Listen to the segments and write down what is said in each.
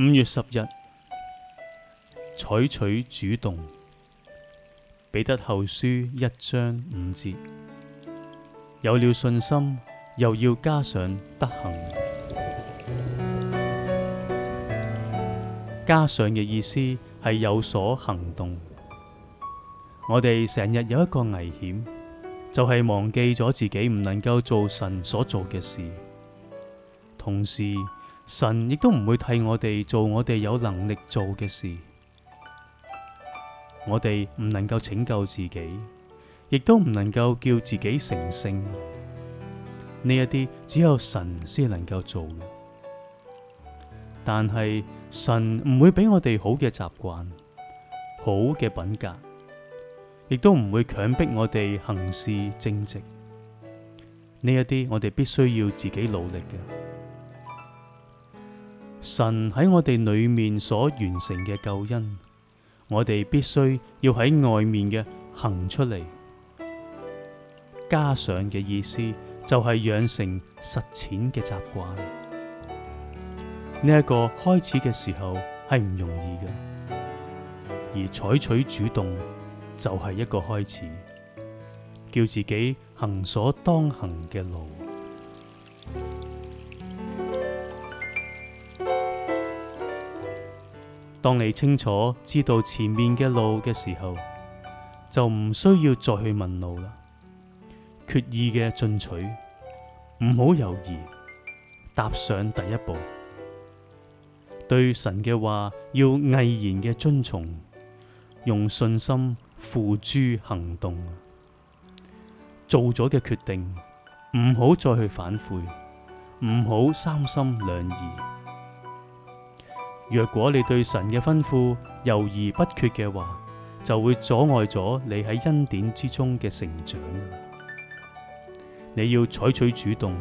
五月十日，採取，取主動。彼得後書一章五節，有了信心，又要加上德行。加上嘅意思係有所行動。我哋成日有一個危險，就係、是、忘記咗自己唔能夠做神所做嘅事，同時。神亦都唔會替我哋做我哋有能力做嘅事，我哋唔能夠拯救自己，亦都唔能夠叫自己成聖，呢一啲只有神先能夠做。但係神唔會俾我哋好嘅習慣、好嘅品格，亦都唔會強迫我哋行事正直，呢一啲我哋必須要自己努力嘅。神喺我哋裏面所完成嘅救恩，我哋必須要喺外面嘅行出嚟。加上嘅意思就係養成實踐嘅習慣。呢一個開始嘅時候係唔容易嘅，而採取主動就係一個開始，叫自己行所當行嘅路。當你清楚知道前面嘅路嘅時候，就唔需要再去問路啦。決意嘅進取，唔好猶豫，踏上第一步。對神嘅話要毅然嘅遵從，用信心付諸行動。做咗嘅決定，唔好再去反悔，唔好三心兩意。若果你對神嘅吩咐猶豫不決嘅話，就會阻礙咗你喺恩典之中嘅成長。你要採取主動，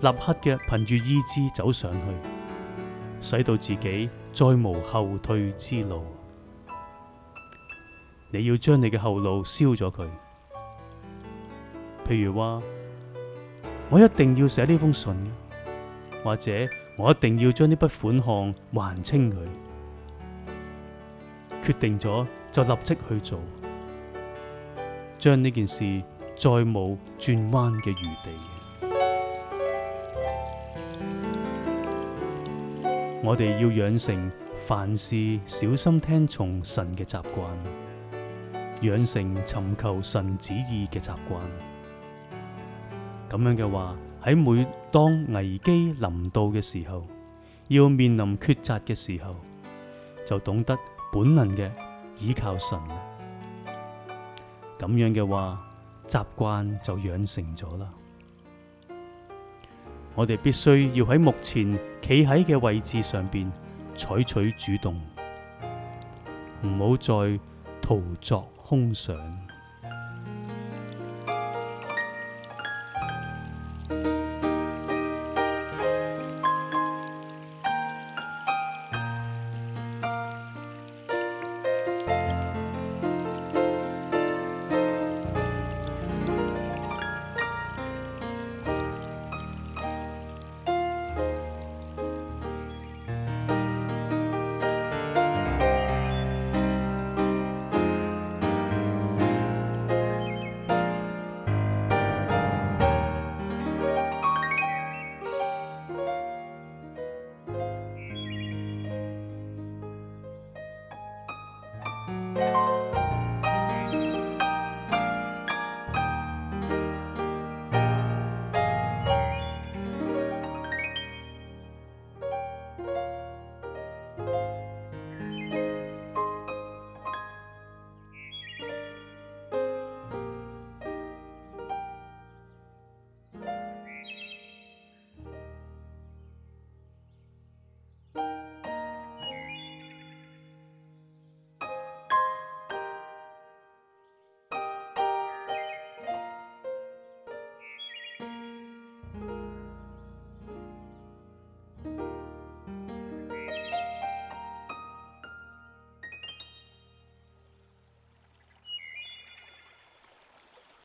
立刻嘅憑住意志走上去，使到自己再無後退之路。你要將你嘅後路燒咗佢。譬如話，我一定要寫呢封信，或者……我一定要將呢筆款項還清佢，決定咗就立即去做，將呢件事再冇轉彎嘅餘地。我哋要養成凡事小心聽從神嘅習慣，養成尋求神旨意嘅習慣。咁樣嘅話。喺每當危機臨到嘅時候，要面臨抉擇嘅時候，就懂得本能嘅倚靠神。咁樣嘅話，習慣就養成咗啦。我哋必須要喺目前企喺嘅位置上面，採取主動，唔好再徒作空想。